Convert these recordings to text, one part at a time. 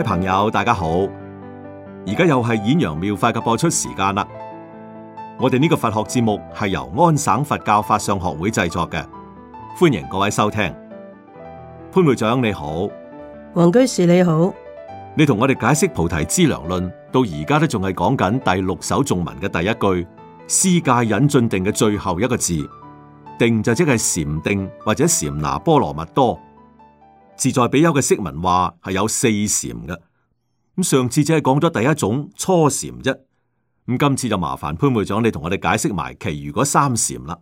各位朋友，大家好！而家又係《演揚妙法》嘅播出時間啦。我哋呢個佛學節目係由安省佛教法上學會製作嘅，歡迎各位收聽。潘會長你好，黃居士你好，你同我哋解釋《菩提資糧論》到而家都仲係講緊第六首頌文嘅第一句，施戒忍進定嘅最後一個字，定就即係禪定或者禪那波羅蜜多。自在比丘嘅釋文話係有四禪嘅，咁上次只係講咗第一種初禪啫，咁今次就麻煩潘會長你同我哋解釋埋其餘嗰三禪啦。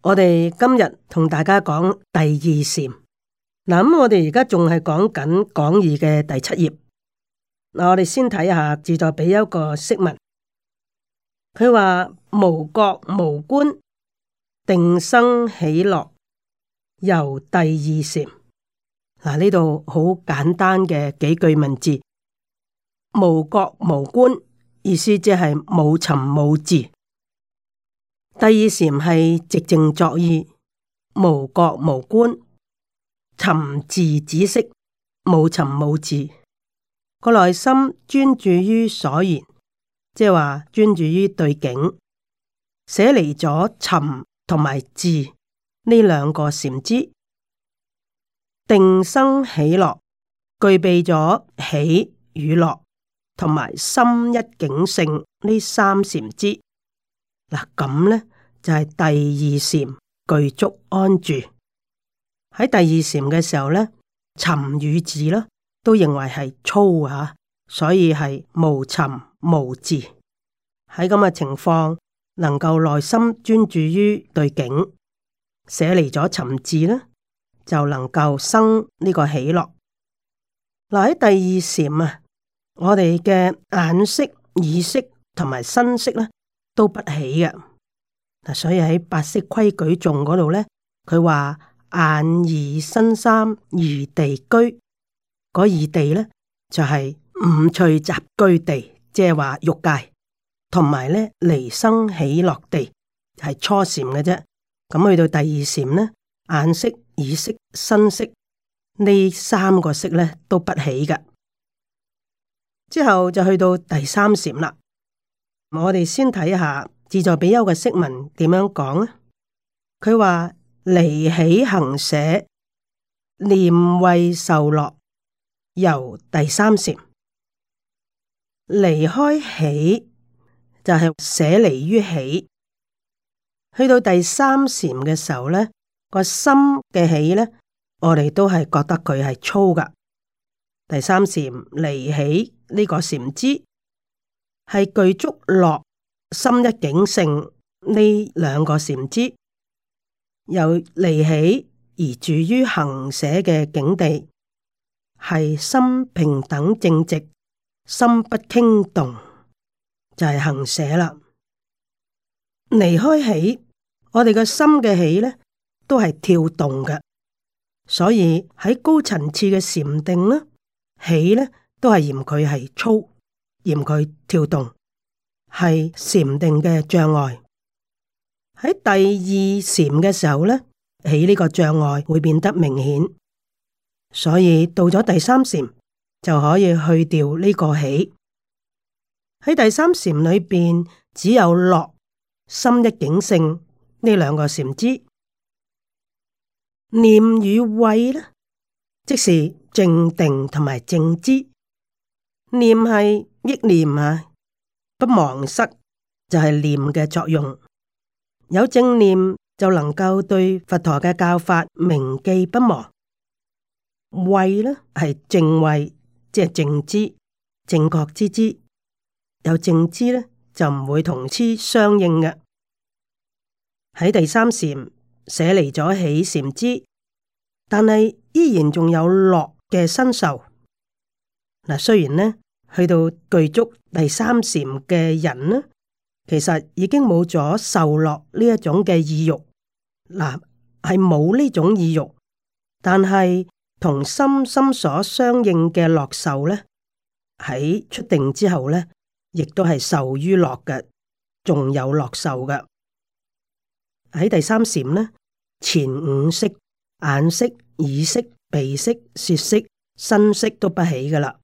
我哋今日同大家講第二禪，嗱，咁我哋而家仲係講緊講義嘅第七頁，嗱，我哋先睇下自在比丘個釋文，佢話無覺無觀，定生喜樂，由第二禪。嗱，呢度好簡單嘅幾句文字，無覺無觀」意思即係無尋無伺」。第二禪係寂靜作意，無覺無觀」、「尋伺止息」。「無尋無伺」。個內心專注於所言，即係話專注於對境，捨離咗尋同埋伺」呢兩個禪支。定生喜樂具備咗喜與樂同埋心一境性呢三禪支。嗱，咁呢就係、是、第二禪具足安住喺第二禪嘅時候呢，尋與伺啦都認為係粗吓、啊、所以係無尋無伺。喺咁嘅情況能夠內心專注於對境捨離咗尋伺啦。就能夠生呢個喜樂。嗱喺第二禪啊，我哋嘅眼識、耳識同埋身識咧都不起嘅。嗱，所以喺八識規矩頌嗰度咧，佢話眼耳身三二地居，嗰二地咧就係、是、五趣雜居地，即係話欲界，同埋咧離生喜樂地係初禪嘅啫。咁去到第二禪咧，眼識、耳識。新色呢三個色咧都不起嘅，之後就去到第三禪啦。我哋先睇下自在比丘嘅釋文點樣講啊？佢話離喜行捨念慧受樂，由第三禪離開喜就係、是、捨離於喜，去到第三禪嘅時候咧，個心嘅喜咧。我哋都係覺得佢係粗噶。第三禪離喜呢、這個禪支，係具足樂心一境性呢兩個禪支，又離喜而住於行捨嘅境地，係心平等正直，心不傾動，就係、是、行捨啦。離開喜，我哋個心嘅喜呢，都係跳動嘅。所以喺高層次嘅禪定呢，起呢都係嫌佢係粗，嫌佢跳動，係禪定嘅障礙。喺第二禪嘅時候呢，起呢個障礙會變得明顯。所以到咗第三禪就可以去掉呢個起。喺第三禪裏邊，只有樂心一境性呢兩個禪支。念與慧，呢，即是正定同埋正知。念係憶念啊，不忘失就係、是、念嘅作用。有正念就能夠對佛陀嘅教法銘記不忘。慧，呢係正慧，即係正知、正覺之知。有正知呢，就唔會同痴相應嘅。喺第三禪，捨離咗喜禪支，但係依然仲有樂嘅身受。嗱，雖然呢，去到具足第三禪嘅人呢，其實已經冇咗受樂呢一種嘅意欲。嗱、啊，係冇呢種意欲，但係同心心所相應嘅樂受呢，喺出定之後呢，亦都係受於樂嘅，仲有樂受嘅。喺第三禪咧，前五識、眼識、耳識、鼻識、舌識、身識都不起噶喇。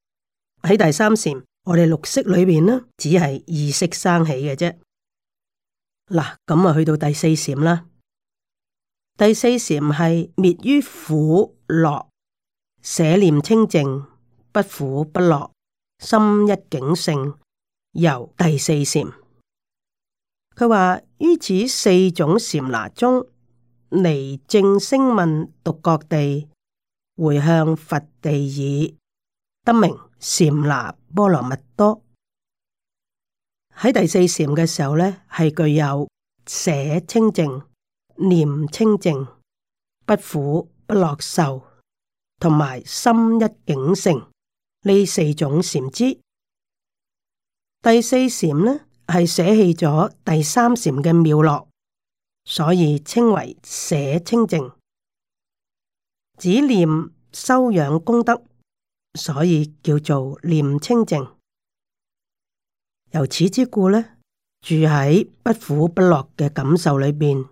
喺第三禪，我哋六識裏邊呢，只係意識生起嘅啫。嗱，咁啊去到第四禪啦。第四禪係滅於苦樂，捨念清淨，不苦不樂，心一境性，由第四禪。佢話於此四種禪那中，離正聲聞獨覺地，回向佛地耳，得名禪那波羅蜜多。喺第四禪嘅時候呢，係具有捨清淨、念清淨、不苦不樂受，同埋心一境性呢四種禪之。第四禪呢，係捨棄咗第三禪嘅妙樂，所以稱為捨清淨；只念修養功德，所以叫做念清淨。由此之故呢，住喺不苦不樂嘅感受裏邊，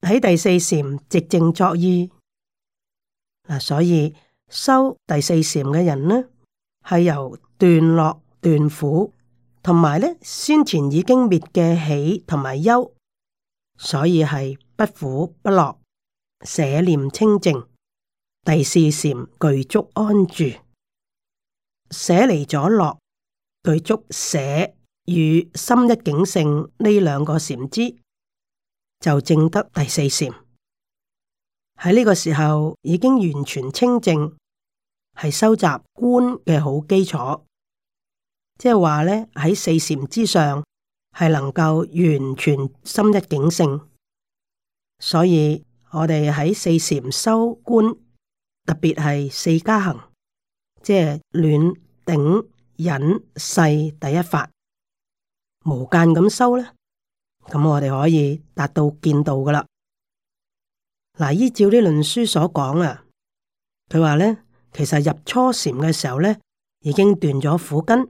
喺第四禪寂靜作意嗱，所以修第四禪嘅人呢，係由斷樂、斷苦。同埋呢先前已經滅嘅喜同埋憂，所以係不苦不樂，捨念清淨。第四禪具足安住，捨離咗樂，具足捨與心一境性呢兩個禪支，就證得第四禪。喺呢個時候已經完全清淨，係收集觀嘅好基礎。即係話咧，喺四禪之上係能夠完全心一境性。所以我哋喺四禪修觀，特別係四加行，即係暖頂忍世第一法，無間咁修咧，咁我哋可以達到見到噶啦。嗱，依照呢論書所講啊佢話咧，其實入初禪嘅時候咧，已經斷咗苦根。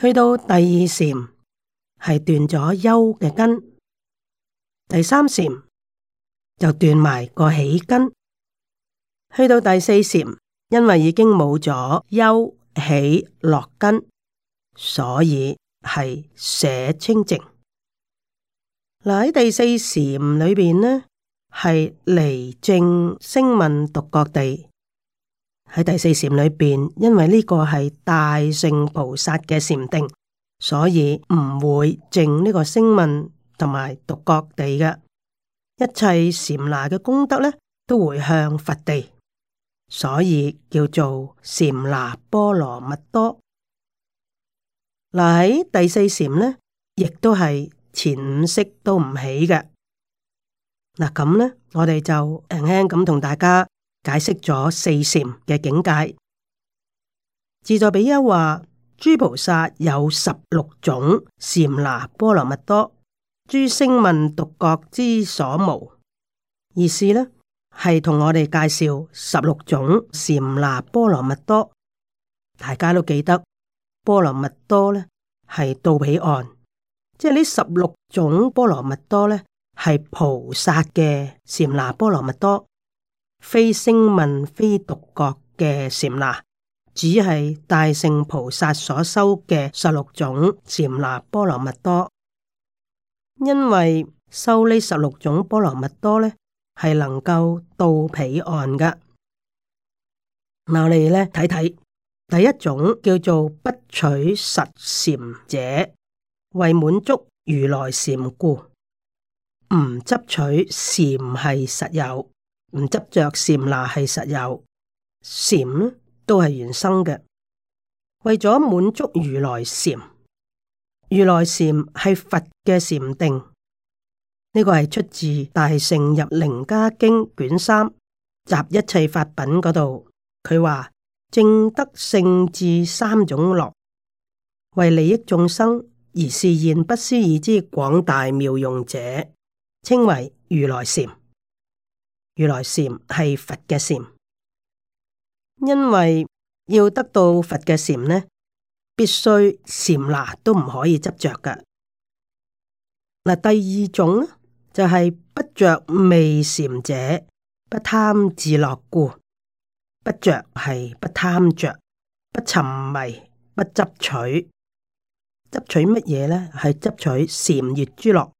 去到第二禪，係斷咗憂嘅根；第三禪就斷埋個喜根；去到第四禪，因為已經冇咗憂喜樂根，所以係捨清淨。嗱喺第四禪裏邊呢，係離正聲聞獨覺地。喺第四禪裏邊，因為呢個係大聖菩薩嘅禪定，所以唔會淨呢個聲聞同埋獨覺地嘅一切禪那嘅功德咧，都回向佛地，所以叫做禪那波羅蜜多。嗱喺第四禪呢，亦都係前五識都唔起嘅。嗱咁呢，我哋就輕輕咁同大家。解釋咗四禪嘅境界。自在比丘話：諸菩薩有十六種禪那波羅蜜多。諸聲聞獨覺之所無。意思呢係同我哋介紹十六種禪那波羅蜜多。大家都記得波羅蜜多呢係到彼岸，即係呢十六種波羅蜜多呢係菩薩嘅禪那波羅蜜多。非聲聞非獨覺嘅禪那，只係大聖菩薩所修嘅十六種禪那波羅蜜多。因為修呢十六種波羅蜜多呢，係能夠到彼岸噶。嗱，我哋呢睇睇，第一種叫做不取實禪者，為滿足如來禪故，唔執取禪係實有。唔執着禪那係實有，禪都係原生嘅。為咗滿足如來禪，如來禪係佛嘅禪定。呢、這個係出自《大乘入楞伽經》卷三《集一切法品》嗰度。佢話正得聖智三種樂，為利益眾生而示現不思議之廣大妙用者，稱為如來禪。原來如來禪係佛嘅禪，因為要得到佛嘅禪呢，必須禪那都唔可以執着嘅。嗱，第二種呢就係、是、不着味禪者，不貪自樂故，不着係不貪着，不沉迷，不執取。執取乜嘢呢？係執取禪悅之樂，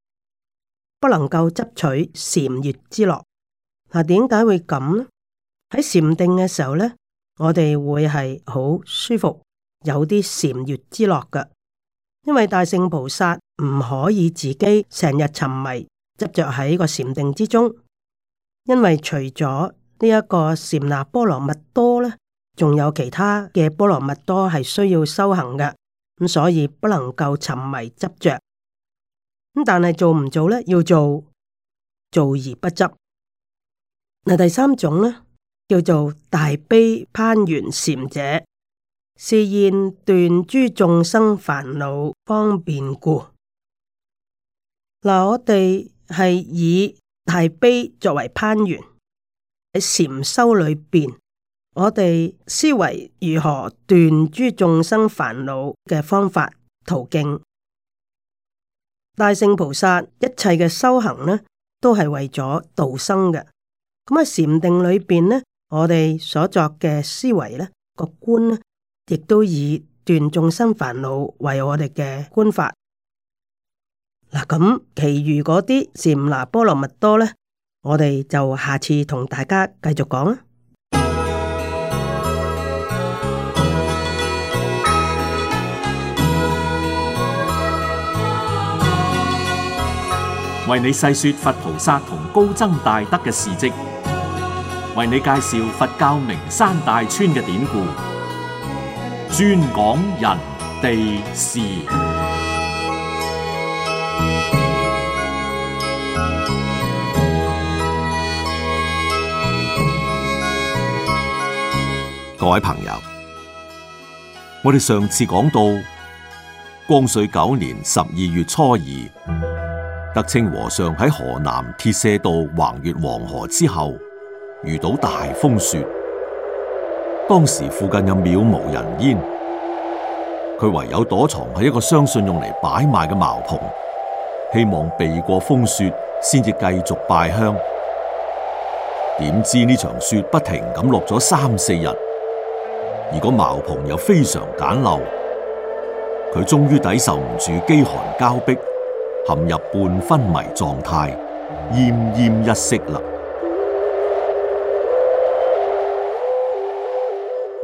不能夠執取禪悅之樂。嗱，點解會咁咧？喺禪定嘅時候咧，我哋會係好舒服，有啲禪悅之樂嘅。因為大聖菩薩唔可以自己成日沉迷執着喺個禪定之中，因為除咗呢一個禪那波羅蜜多咧，仲有其他嘅波羅蜜多係需要修行嘅。咁所以不能夠沉迷執着。咁但係做唔做咧？要做，做而不執。嗱，那第三種咧叫做大悲攀緣禪者，是現斷諸眾生煩惱方便故。我哋係以大悲作為攀緣喺禪修裏邊，我哋思維如何斷諸眾生煩惱嘅方法途徑。大聖菩薩一切嘅修行咧，都係為咗度生嘅。咁喺禪定裏邊呢，我哋所作嘅思維呢，個觀呢，亦都以斷眾生煩惱為我哋嘅觀法。嗱，咁其餘嗰啲禪那波羅蜜多呢，我哋就下次同大家繼續講啦。為你細說佛菩薩同高僧大德嘅事迹。為你介紹佛教名山大川嘅典故，專講人地事。各位朋友，我哋上次講到光緒九年十二月初二，德清和尚喺河南鐵卸渡橫越黃河之後。遇到大風雪，當時附近又渺無人煙，佢唯有躲藏喺一個相信用嚟擺賣嘅茅棚，希望避過風雪，先至繼續拜香。點知呢場雪不停咁落咗三四日，而個茅棚又非常簡陋，佢終於抵受唔住飢寒交迫，陷入半昏迷狀態，奄奄一息啦。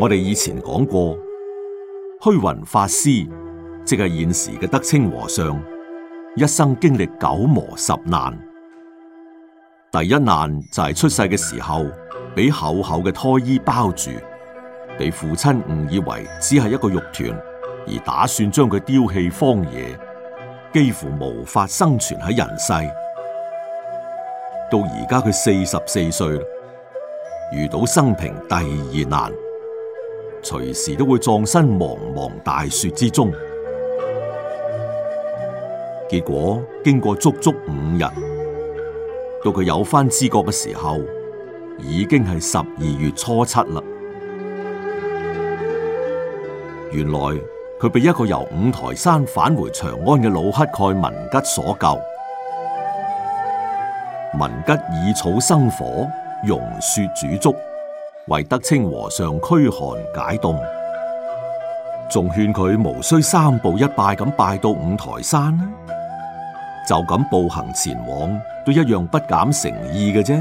我哋以前講過，虛雲法師即係現時嘅德清和尚，一生經歷九磨十難。第一難就係出世嘅時候，俾厚厚嘅胎衣包住，被父親誤以為只係一個肉團，而打算將佢丟棄荒野，幾乎無法生存喺人世。到而家佢四十四歲，遇到生平第二難。隨時都會葬身茫茫大雪之中。結果經過足足五日，到佢有翻知覺嘅時候，已經係十二月初七啦。原來佢被一個由五台山返回長安嘅老乞丐文吉所救。文吉以草生火，融雪煮粥。為德清和尚驅寒解凍，仲勸佢無需三步一拜咁拜到五台山，就咁步行前往都一樣不減誠意嘅啫。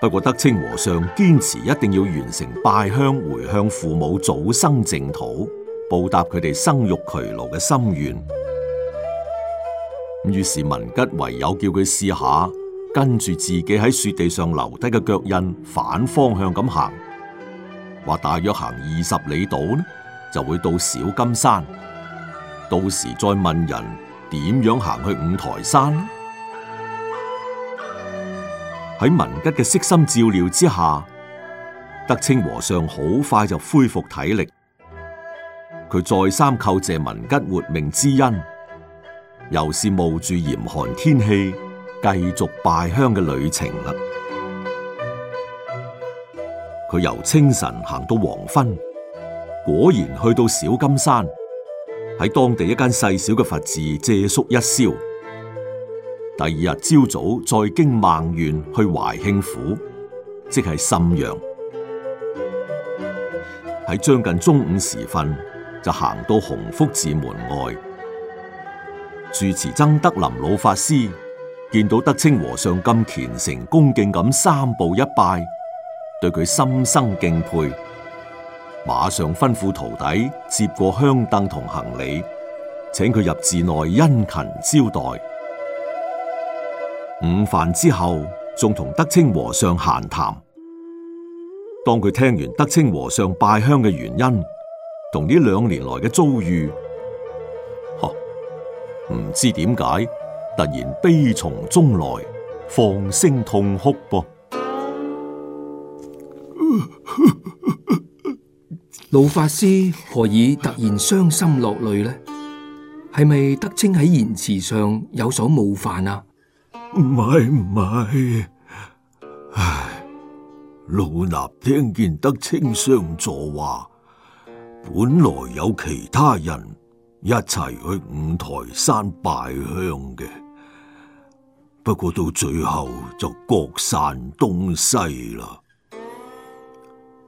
不過德清和尚堅持一定要完成拜香回向父母早生淨土，報答佢哋生育劬勞嘅心願。咁於是文吉唯有叫佢試下。跟住自己喺雪地上留低嘅腳印，反方向咁行，話大約行二十里度呢，就會到小金山。到時再問人點樣行去五台山。喺文吉嘅悉心照料之下，德清和尚好快就恢復體力。佢再三叩謝文吉活命之恩，又是冒住嚴寒天氣。繼續拜香嘅旅程啦，佢由清晨行到黃昏，果然去到小金山，喺當地一間細小嘅佛寺借宿一宵。第二日朝早再經孟縣去懷慶府，即係沁陽，喺將近中午時分就行到洪福寺門外，住持曾德林老法師，見到德清和尚咁虔誠恭敬咁三步一拜，對佢心生敬佩，馬上吩咐徒弟接過香燈同行李，請佢入寺內殷勤招待。午飯之後，仲同德清和尚閒談。當佢聽完德清和尚拜香嘅原因，同呢兩年來嘅遭遇，嗬，唔知點解。突然悲從中來，放聲痛哭。噃，老法師何以突然傷心落淚呢？係咪德清喺言辭上有所冒犯啊？唔係，唔係。唉，老衲聽見德清上座話，本來有其他人一齊去五台山拜香嘅。不過到最後就各散東西啦。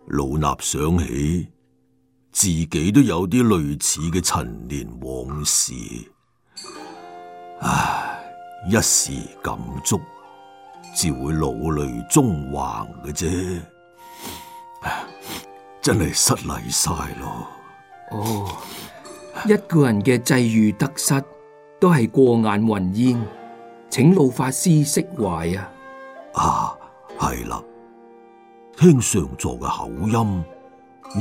老衲想起自己都有啲類似嘅陳年往事，唉，一時感觸，只會老淚縱橫嘅啫。真係失禮晒咯。哦，一個人嘅際遇得失都係過眼雲煙。請老法師釋懷啊！啊，係啦，聽上座嘅口音，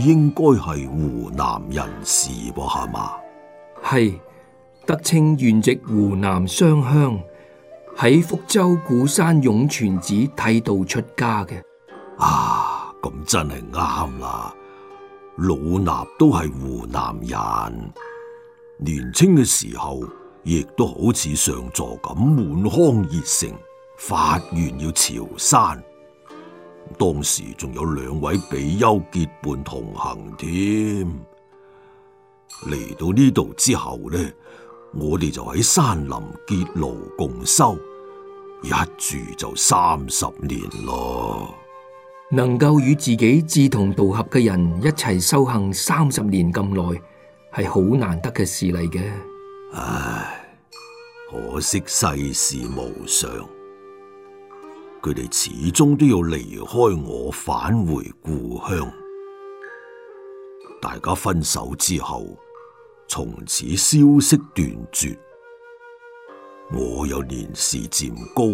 應該係湖南人士噃，係嘛？係，德清原籍湖南湘鄉，喺福州鼓山湧泉寺剃度出家嘅。啊，咁真係啱啦，老衲都係湖南人，年青嘅時候。亦都好似上座咁滿腔熱誠，發願要朝山。當時仲有兩位比丘結伴同行添。嚟到呢度之後呢，我哋就喺山林結廬共修，一住就三十年咯。能夠與自己志同道合嘅人一齊修行三十年咁耐，係好難得嘅事嚟嘅。唉，可惜世事無常，佢哋始終都要離開我，返回故鄉。大家分手之後，從此消息斷絕。我又年事漸高，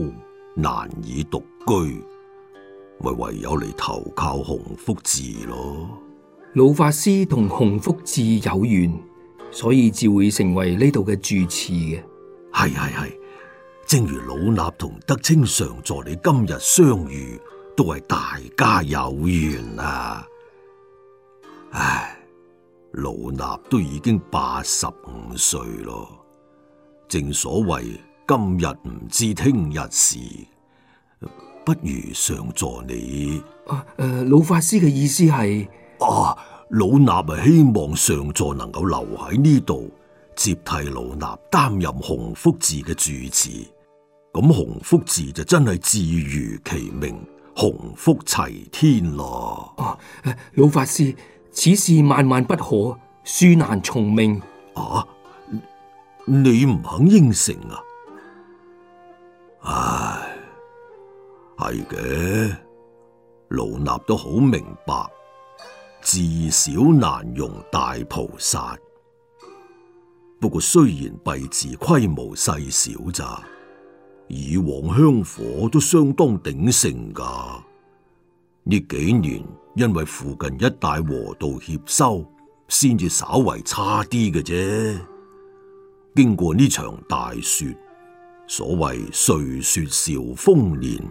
難以獨居，咪唯有嚟投靠洪福寺咯。老法師同洪福寺有緣。所以至會成為呢度嘅住持嘅，係係係，正如老衲同德清常助你今日相遇，都係大家有緣啊！唉，老衲都已經八十五歲咯，正所謂今日唔知聽日事，不如常助你。誒誒、啊呃，老法師嘅意思係哦。老衲啊，希望上座能夠留喺呢度，接替老衲擔任洪福寺嘅住持。咁洪福寺就真係自如其名，洪福齊天啦。哦，老法師，此事萬萬不可，恕難從命。啊，你唔肯應承啊？唉，係嘅，老衲都好明白。至少難容大菩薩，不過雖然敝寺規模細小咋，以往香火都相當鼎盛噶呢幾年因為附近一帶河道接收，先至稍為差啲嘅啫。經過呢場大雪，所謂瑞雪兆豐年，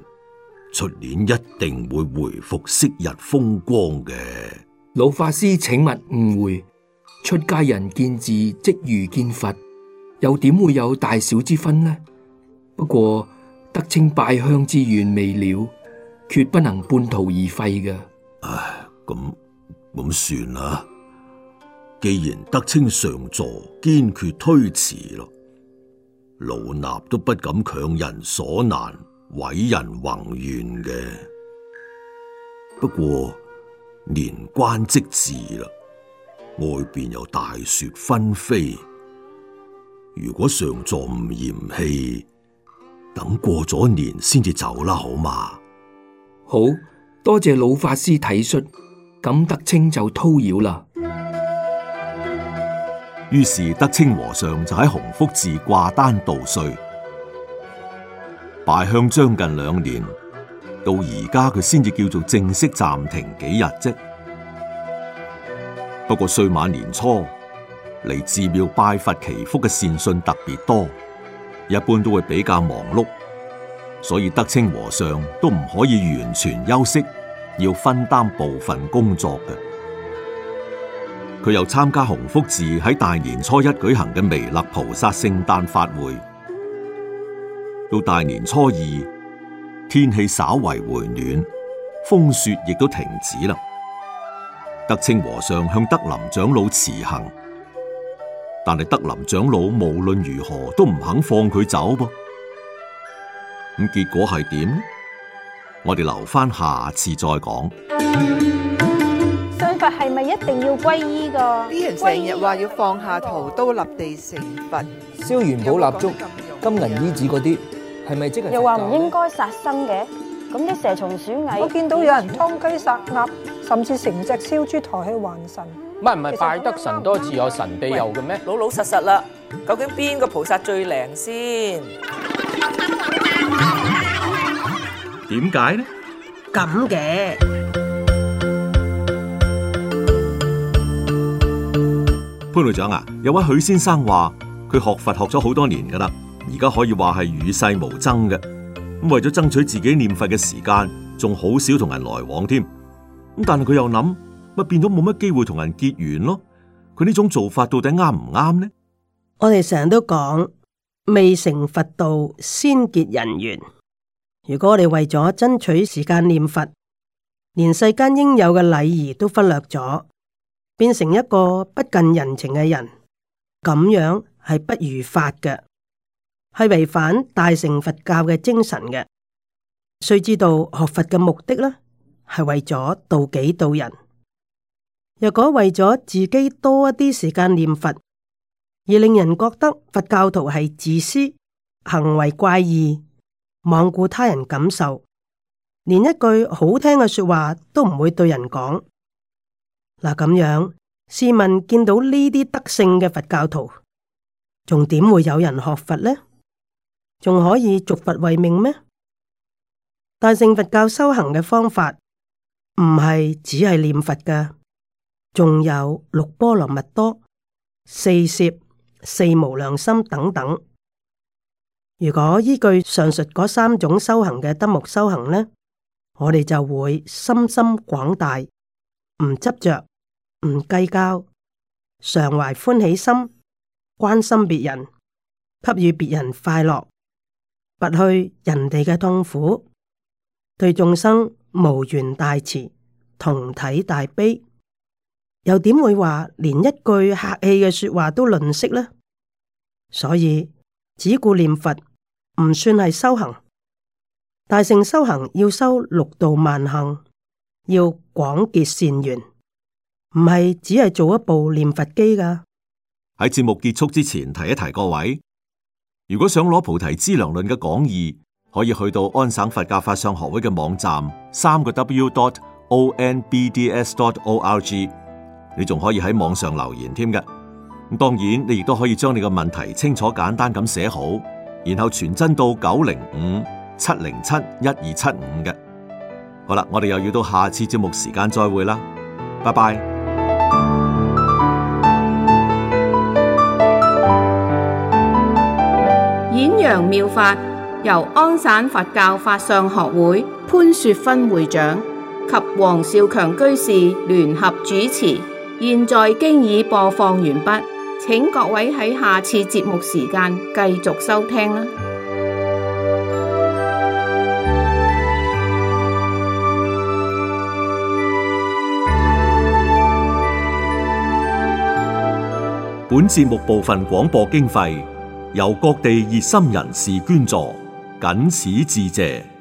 出年一定會回復昔日風光嘅。老法師，請勿誤會，出家人見字即如見佛，又點會有大小之分呢？不過德清拜香之願未了，決不能半途而廢嘅。唉，咁咁算啦，既然德清上座堅決推辭咯，老衲都不敢強人所難，毀人宏願嘅。不過。年關即至啦，外邊又大雪紛飛。如果上座唔嫌棄，等過咗年先至走啦，好嘛？好多謝老法師體恤，咁德清就叨擾啦。於是德清和尚就喺洪福寺掛單度歲，拜香將近兩年。到而家佢先至叫做正式暫停幾日啫。不過歲晚年初嚟寺廟拜佛祈福嘅善信特別多，一般都會比較忙碌，所以德清和尚都唔可以完全休息，要分擔部分工作嘅。佢又參加洪福寺喺大年初一舉行嘅彌勒菩薩聖誕法會，到大年初二。天氣稍為回暖，風雪亦都停止啦。德清和尚向德林長老辭行，但係德林長老無論如何都唔肯放佢走噃。咁結果係點？我哋留翻下，下次再講。信佛係咪一定要皈依㗎？成日話要放下屠刀衣立地成佛，燒元寶蠟燭、金銀衣紙嗰啲。又話唔應該殺生嘅，咁啲蛇蟲鼠蟻，我見到有人劏雞殺鴨，甚至成隻燒豬抬去還神。唔係唔係，拜得神多自有神庇佑嘅咩？老老實實啦，究竟邊個菩薩最靈先？點解呢？咁嘅潘老長啊，有位許先生話佢學佛學咗好多年噶啦。而家可以話係與世無爭嘅，咁為咗爭取自己念佛嘅時間，仲好少同人來往添。咁但係佢又諗，咪變到冇乜機會同人結緣咯？佢呢種做法到底啱唔啱呢？我哋成日都講，未成佛道先結人緣。如果我哋為咗爭取時間念佛，連世間應有嘅禮儀都忽略咗，變成一個不近人情嘅人，咁樣係不如法嘅。係違反大乘佛教嘅精神嘅，須知道學佛嘅目的呢，係為咗度己度人。若果為咗自己多一啲時間念佛，而令人覺得佛教徒係自私、行為怪異、罔顧他人感受，連一句好聽嘅說話都唔會對人講。嗱，咁樣，試問見到呢啲德性嘅佛教徒，仲點會有人學佛呢？仲可以續佛為命咩？大乘佛教修行嘅方法唔係只係念佛㗎，仲有六波羅蜜多、四攝、四無量心等等。如果依據上述嗰三種修行嘅德目修行呢，我哋就會心心廣大，唔執着，唔計較，常懷歡喜心，關心別人，給予別人快樂。拔去人哋嘅痛苦，對眾生無緣大慈，同體大悲，又點會話連一句客氣嘅說話都吝嗇呢？所以只顧念佛唔算係修行，大乘修行要修六度萬行，要廣結善緣，唔係只係做一部念佛機噶。喺節目結束之前提一提各位。如果想攞菩提資糧論嘅講義，可以去到安省佛教法相學會嘅網站，三個 w dot o n b d s dot o r g。你仲可以喺網上留言添嘅。咁當然，你亦都可以將你嘅問題清楚簡單咁寫好，然後傳真到九零五七零七一二七五嘅。好啦，我哋又要到下次節目時間再會啦，拜拜。顯揚妙法由安省佛教法相學會潘雪芬會長及黃少強居士聯合主持，現在經已播放完畢，請各位喺下次節目時間繼續收聽啦。本節目部分廣播經費。由各地熱心人士捐助，謹此致謝。